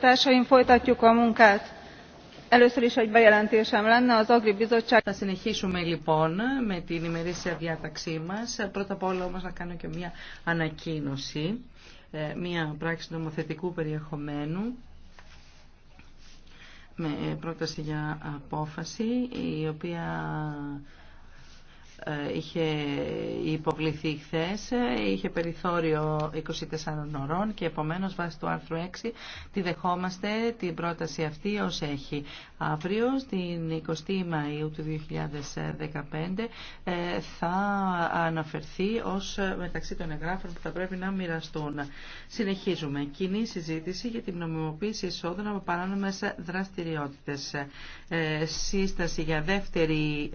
Θα συνεχίσουμε λοιπόν με την ημερήσια διάταξή μας. Πρώτα απ' όλα όμως να κάνω και μια ανακοίνωση, ε, μια πράξη νομοθετικού περιεχομένου με πρόταση για απόφαση η οποία ε, είχε υποβληθεί χθε, είχε περιθώριο 24 ωρών και επομένως βάσει του άρθρου 6 τη δεχόμαστε την πρόταση αυτή ως έχει. Αύριο στην 20 η Μαΐου του 2015 ε, θα αναφερθεί ως μεταξύ των εγγράφων που θα πρέπει να μοιραστούν. Συνεχίζουμε. Κοινή συζήτηση για την νομιμοποίηση εισόδων από παράνομες δραστηριότητες. Ε, σύσταση για δεύτερη